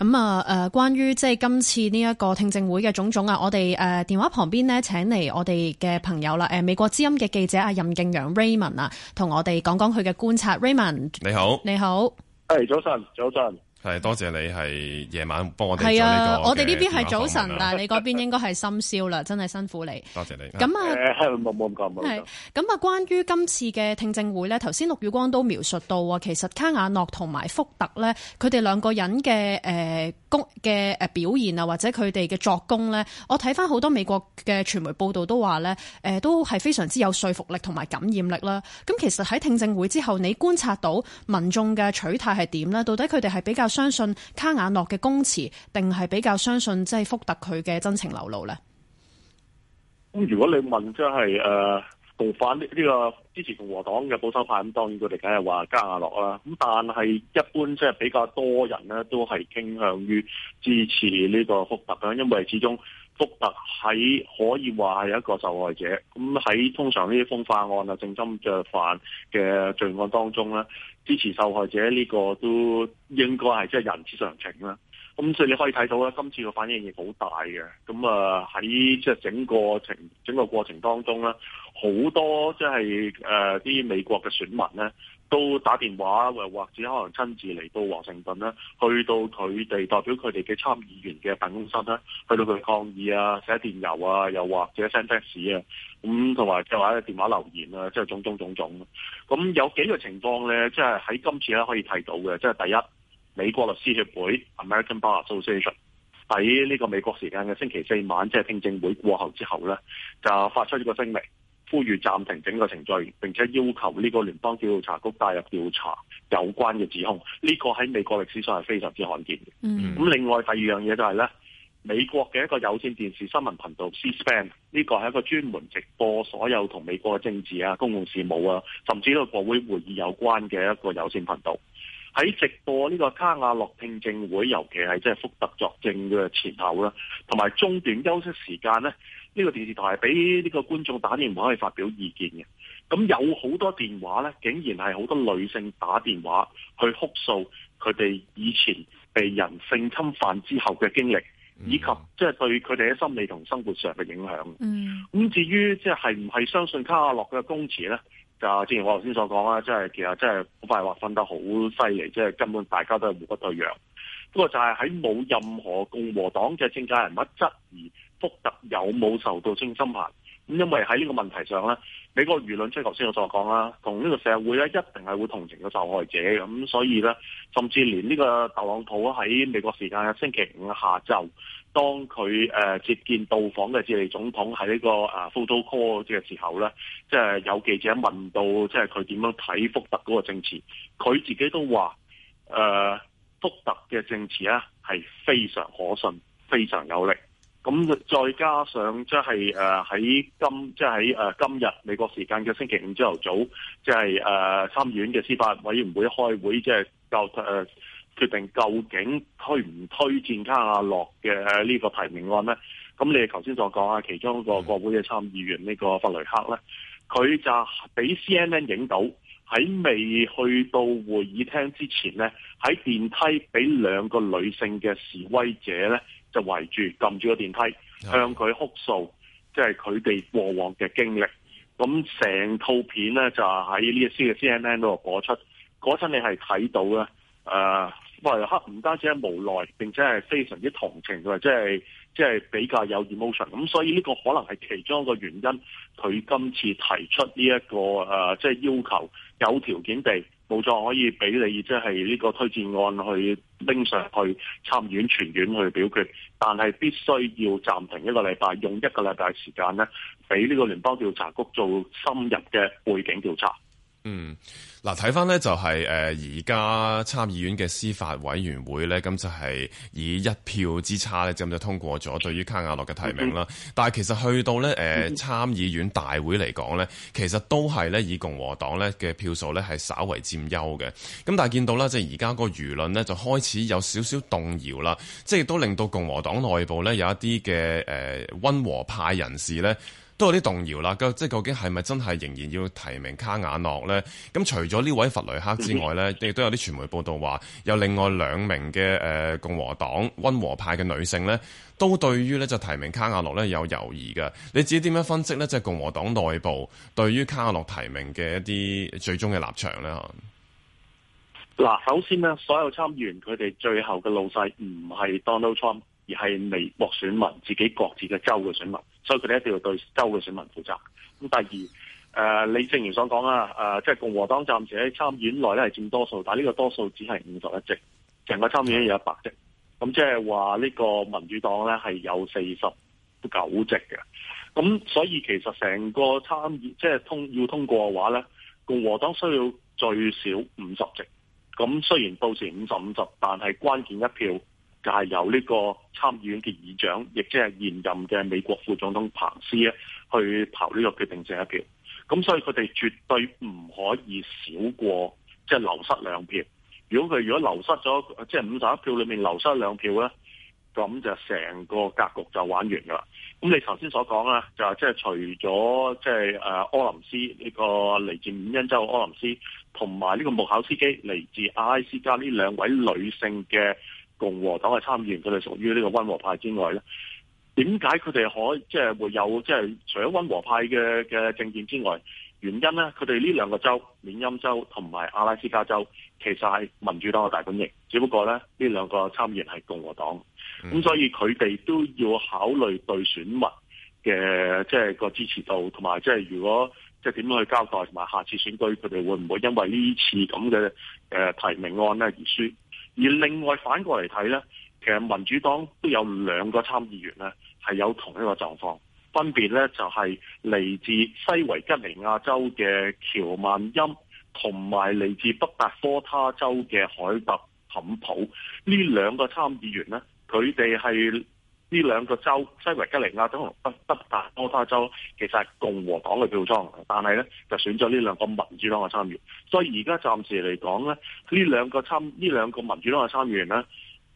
咁啊，誒，關於即係今次呢一個聽證會嘅種種啊，我哋誒電話旁邊咧，請嚟我哋嘅朋友啦，誒，美國之音嘅記者阿任敬揚 Raymond 啊，同我哋講講佢嘅觀察，Raymond。你好。你好。係、hey, 早晨，早晨。係多謝你係夜晚幫我哋做呢、啊、我哋呢邊係早晨，但係 你嗰邊應該係深宵啦，真係辛苦你。多謝你。咁啊，係冇唔該，係咁啊，關於今次嘅聽證會咧，頭先陸宇光都描述到喎。其實卡瓦諾同埋福特咧，佢哋兩個人嘅誒。呃嘅誒表現啊，或者佢哋嘅作供呢，我睇翻好多美國嘅傳媒報道都話呢，誒都係非常之有說服力同埋感染力啦。咁其實喺聽證會之後，你觀察到民眾嘅取態係點呢？到底佢哋係比較相信卡瓦諾嘅供詞，定係比較相信即係福特佢嘅真情流露呢？如果你問即係誒，就是 uh 反呢，呢個支持共和黨嘅保守派咁，當然佢哋梗係話卡瓦諾啦。咁但係一般即係比較多人咧，都係傾向於支持呢個福特嘅，因為始終福特喺可以話係一個受害者。咁喺通常呢啲風化案啊、性侵著犯嘅罪案當中咧，支持受害者呢個都應該係即係人之常情啦。咁、嗯、所以你可以睇到咧，今次嘅反應亦好大嘅。咁啊喺即係整個程整個過程當中咧，好多即係誒啲美國嘅選民咧，都打電話，或或者可能親自嚟到華盛頓啦，去到佢哋代表佢哋嘅參議員嘅辦公室啦，去到佢抗議啊，寫電郵啊，又或者 send text 啊，咁同埋即係話電話留言啊，即係種種種種。咁、嗯、有幾個情況咧，即係喺今次咧可以睇到嘅，即係第一。美國律師協會 American Bar Association 喺呢個美國時間嘅星期四晚，即係聽證會過後之後呢就發出呢個聲明，呼籲暫停整個程序，並且要求呢個聯邦調查局介入調查有關嘅指控。呢個喺美國歷史上係非常之罕見嘅。咁、mm. 另外第二樣嘢就係呢，美國嘅一個有線電視新聞頻道 C-SPAN 呢個係一個專門直播所有同美國嘅政治啊、公共事務啊，甚至呢個國會會議有關嘅一個有線頻道。喺直播呢個卡瓦諾聽證會，尤其係即係福特作證嘅前後啦，同埋中段休息時間咧，呢個電視台係俾呢個觀眾打電話去發表意見嘅。咁有好多電話咧，竟然係好多女性打電話去哭訴佢哋以前被人性侵犯之後嘅經歷，以及即係對佢哋喺心理同生活上嘅影響。嗯，咁至於即係係唔係相信卡瓦諾嘅供詞咧？啊！就之前我頭先所講啦，即係其實真係好快劃分得好犀利，即係根本大家都係互不對抗。不過就係喺冇任何共和黨嘅政界人物質疑福特有冇受到性侵犯。咁因為喺呢個問題上咧，美國輿論即係頭先我所講啦，同呢個社會咧一定係會同情個受害者，咁所以呢，甚至連呢個特朗普喺美國時間星期五下晝，當佢誒接見到訪嘅智利總統喺呢個 Photo Call 嘅時候呢，即係有記者問到即係佢點樣睇福特嗰個證詞，佢自己都話誒福特嘅證詞呢係非常可信、非常有力。咁再加上即係誒喺今即喺誒今日美國時間嘅星期五朝頭早，即係誒參議院嘅司法委員會開會，即係就誒決定究竟推唔推薦卡瓦諾嘅呢個提名案咧？咁你哋頭先就講其中一個國會嘅參議員呢個弗雷克咧，佢就俾 CNN 影到。喺未去到會議廳之前咧，喺電梯俾兩個女性嘅示威者咧就圍住撳住個電梯，向佢哭訴，即係佢哋過往嘅經歷。咁成套片呢，就喺呢一啲嘅 C N N 度播出，嗰陣你係睇到咧，誒、呃，喂，黑唔單止係無奈，並且係非常之同情，或者係。即係比較有 emotion，咁所以呢個可能係其中一個原因，佢今次提出呢、這、一個誒，即、呃、係、就是、要求有條件地冇錯可以俾你即係呢個推薦案去拎上去參院全院去表決，但係必須要暫停一個禮拜，用一個禮拜時間咧，俾呢個聯邦調查局做深入嘅背景調查。嗯，嗱，睇翻呢就係誒而家參議院嘅司法委員會呢，咁就係以一票之差呢，即咁就通過咗對於卡瓦諾嘅提名啦。嗯嗯但係其實去到呢誒參議院大會嚟講呢，嗯嗯其實都係呢以共和黨呢嘅票數呢係稍微佔優嘅。咁但係見到啦，即係而家個輿論呢，就開始有少少動搖啦，即係亦都令到共和黨內部呢有一啲嘅誒温和派人士呢，都有啲動搖啦，即係究竟係咪真係仍然要提名卡瓦諾呢？咁除咗呢位弗雷克之外呢，亦都有啲傳媒報道話，有另外兩名嘅共和黨温和派嘅女性呢，都對於呢就提名卡瓦諾呢有猶疑嘅。你自己點樣分析呢？即係共和黨內部對於卡瓦諾提名嘅一啲最終嘅立場呢？嗱，首先呢，所有參議員佢哋最後嘅老細唔係 Donald Trump。而係美國選民自己各自嘅州嘅選民，所以佢哋一定要對州嘅選民負責。咁第二，誒李政賢所講啦，誒即係共和黨暫時喺參議院內咧係佔多數，但係呢個多數只係五十一席，成個參議院有一百席，咁即係話呢個民主黨咧係有四十九席嘅。咁所以其實成個參院即係通要通過嘅話咧，共和黨需要最少五十席。咁雖然到時五十五十，但係關鍵一票。就係由呢個參議院嘅議長，亦即係現任嘅美國副總統彭斯咧，去投呢個決定性一票。咁所以佢哋絕對唔可以少過即係、就是、流失兩票。如果佢如果流失咗，即係五十一票裏面流失兩票呢，咁就成個格局就玩完噶啦。咁你頭先所講啦，就即、是、係除咗即係柯林斯呢個嚟自緬因州柯林斯，同埋呢個穆考斯基嚟自阿拉斯加呢兩位女性嘅。共和黨嘅參議員佢哋屬於呢個溫和派之外咧，點解佢哋可即係、就是、會有即係、就是、除咗溫和派嘅嘅政見之外？原因咧，佢哋呢兩個州，緬因州同埋阿拉斯加州，其實係民主黨嘅大本營，只不過咧呢兩個參議員係共和黨，咁、嗯、所以佢哋都要考慮對選民嘅即係個支持度，同埋即係如果即係點樣去交代，同埋下次選舉佢哋會唔會因為呢次咁嘅、呃、提名案咧而輸？而另外反過嚟睇呢，其實民主黨都有兩個參議員呢，係有同一個狀況，分別呢，就係嚟自西維吉尼亞州嘅喬曼欽，同埋嚟自北達科他州嘅海特坎普，呢兩個參議員呢，佢哋係。呢兩個州西維吉尼亞同北北達科他州其實係共和黨嘅票倉，但係呢就選咗呢兩個民主黨嘅參議員。所以而家暫時嚟講呢呢兩個參呢兩個民主黨嘅參議員呢，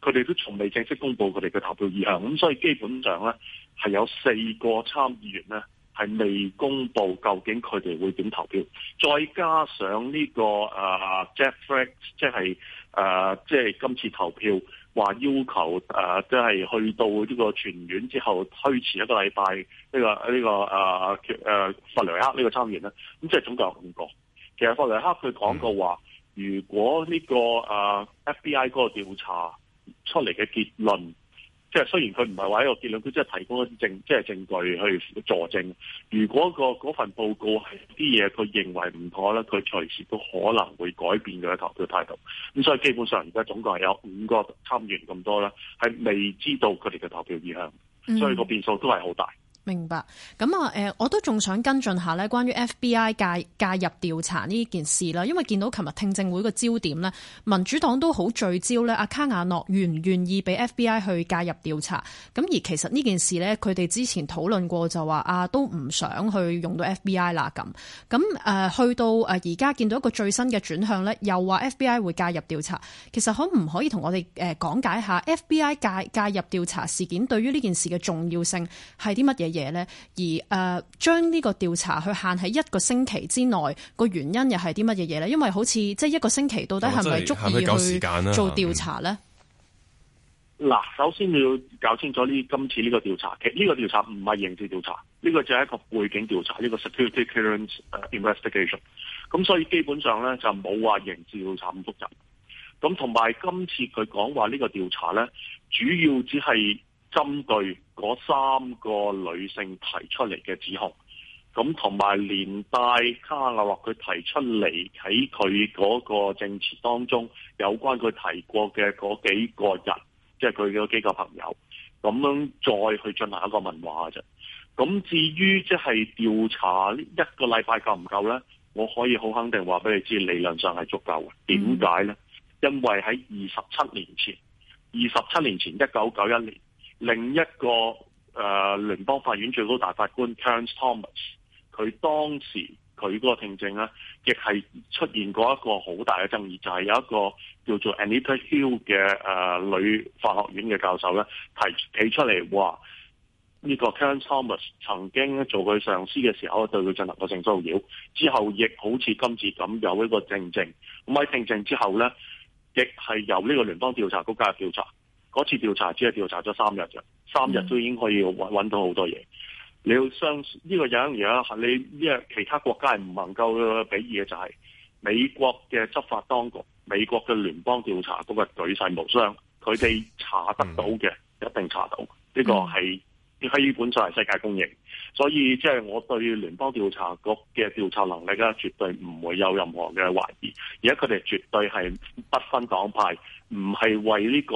佢哋都從未正式公布佢哋嘅投票意向。咁所以基本上呢，係有四個參議員呢，係未公布究竟佢哋會點投票。再加上呢、這個誒 Jeff r e 即係誒即係今次投票。話要求誒，即、呃、係、就是、去到呢個全院之後，推遲一個禮拜。呢、這個呢、這個誒誒，弗、呃呃、雷克呢個參議員咧，咁即係總共有五個。其實弗雷克佢講過話，如果呢、這個誒、呃、FBI 嗰個調查出嚟嘅結論。即係雖然佢唔係話一個結論，佢即係提供一啲證，即係證據去助證。如果嗰份報告係啲嘢，佢認為唔妥咧，佢隨時都可能會改變佢嘅投票態度。咁所以基本上而家總共係有五個參議員咁多咧，係未知道佢哋嘅投票意向，所以個變數都係好大。嗯。明白，咁、嗯、啊，我都仲想跟進下咧，關於 FBI 介介入調查呢件事啦，因為見到琴日聽證會個焦點咧，民主黨都好聚焦咧，阿卡瓦諾願唔願意俾 FBI 去介入調查？咁而其實呢件事咧，佢哋之前討論過就話啊，都唔想去用到 FBI 啦咁。咁誒、呃，去到而家見到一個最新嘅轉向咧，又話 FBI 會介入調查。其實可唔可以同我哋誒講解下 FBI 介介入調查事件對於呢件事嘅重要性係啲乜嘢？嘢咧，而誒、呃、將呢個調查去限喺一個星期之內，個原因又係啲乜嘢嘢咧？因為好似即係一個星期，到底係咪足夠去做調查咧？嗱、哦，嗯、首先你要搞清楚呢今次呢個調查，其實呢個調查唔係刑事調查，呢、呢個就係一個背景調查，呢、呢個 security clearance investigation。咁所以基本上咧就冇話刑事調查咁複雜。咁同埋今次佢講話呢個調查咧，主要只係，針對嗰三個女性提出嚟嘅指控，咁同埋連帶卡瓦諾或佢提出嚟喺佢嗰個證詞當中有關佢提過嘅嗰幾個人，即係佢嘅幾個朋友，咁樣再去進行一個問話啫。咁至於即係調查呢一個禮拜夠唔夠呢？我可以好肯定話俾你知，理論上係足夠嘅。點解呢？因為喺二十七年前，二十七年前一九九一年。另一個誒聯邦法院最高大法官 Clarence Thomas，佢當時佢嗰個聽證咧，亦係出現過一個好大嘅爭議，就係、是、有一個叫做 Anita Hill 嘅女法學院嘅教授咧，提提出嚟話呢個 Clarence Thomas 曾經做佢上司嘅時候，對佢進行過性騷擾，之後亦好似今次咁有呢個聽證。咁喺聽證之後咧，亦係由呢個聯邦調查局加入調查。嗰次調查只係調查咗三日啫，三日都已經可以搵到好多嘢。嗯、你要相信呢、呢個樣嘢啦，你咩其他國家係唔能夠比嘢就係、是、美國嘅執法當局，美國嘅聯邦調查局係舉世無雙，佢哋查得到嘅、嗯、一定查到。呢、呢個係基本上係世界公認。所以即係、就是、我對聯邦調查局嘅調查能力咧，絕對唔會有任何嘅懷疑。而家佢哋絕對係不分黨派，唔係為呢、呢個。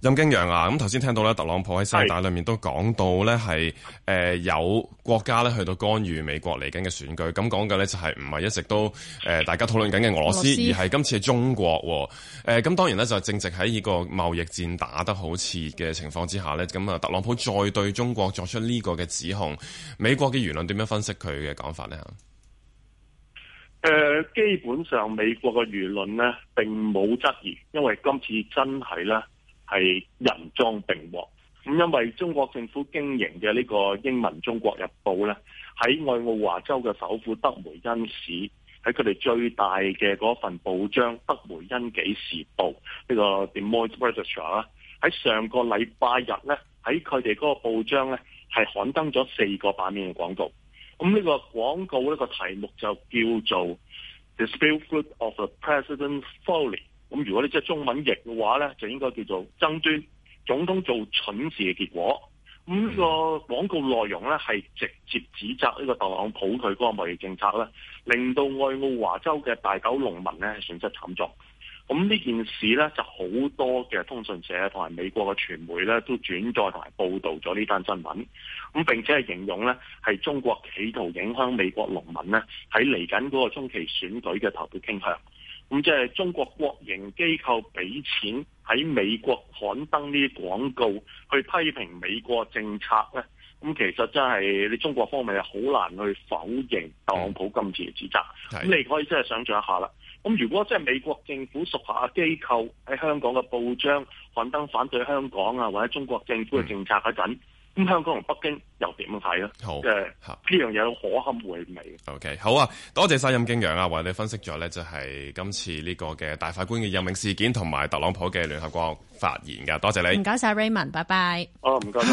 任敬揚啊，咁頭先聽到咧，特朗普喺聲帶裏面都講到咧，係誒有國家咧去到干預美國嚟緊嘅選舉，咁講嘅咧就係唔係一直都誒大家討論緊嘅俄羅斯，羅斯而係今次係中國。誒，咁當然咧就係正值喺呢個貿易戰打得好似嘅情況之下咧，咁啊特朗普再對中國作出呢個嘅指控，美國嘅輿論點樣分析佢嘅講法咧？吓，誒，基本上美國嘅輿論呢，並冇質疑，因為今次真係咧。係人贓並獲，咁因為中國政府經營嘅呢個英文《中國日報》咧，喺愛奧華州嘅首府德梅恩市，喺佢哋最大嘅嗰份報章《德梅恩紀事報》呢、呢個《The Des Moines Register》啦，喺上個禮拜日咧，喺佢哋嗰個報章咧，係刊登咗四個版面嘅廣告。咁呢個廣告呢個題目就叫做《The Spoof of the President's Folly》。咁如果你即係中文譯嘅話呢，就應該叫做爭端總統做蠢事嘅結果。咁呢個廣告內容呢，係直接指責呢個特朗普佢嗰個貿易政策呢，令到愛澳華州嘅大豆農民係損失慘重。咁呢件事呢，就好多嘅通訊社同埋美國嘅傳媒呢，都轉載同埋報導咗呢單新聞。咁並且係形容呢，係中國企圖影響美國農民呢，喺嚟緊嗰個中期選舉嘅投票傾向。咁即係中國國營機構俾錢喺美國刊登呢啲廣告，去批評美國政策咧。咁其實真係你中國方面係好難去否認特朗普今次嘅指責。咁你可以真係想象一下啦。咁如果即係美國政府屬下嘅機構喺香港嘅報章刊登反對香港啊，或者中國政府嘅政策嗰陣。咁香港同北京又點點睇啊？好，呢、呃、哈 樣嘢好可堪回味。OK，好啊，多謝晒任敬揚啊，為你分析咗咧，就係今次呢個嘅大法官嘅任命事件同埋特朗普嘅聯合國發言噶。多謝你，唔該晒 Raymond，拜拜。哦，唔該。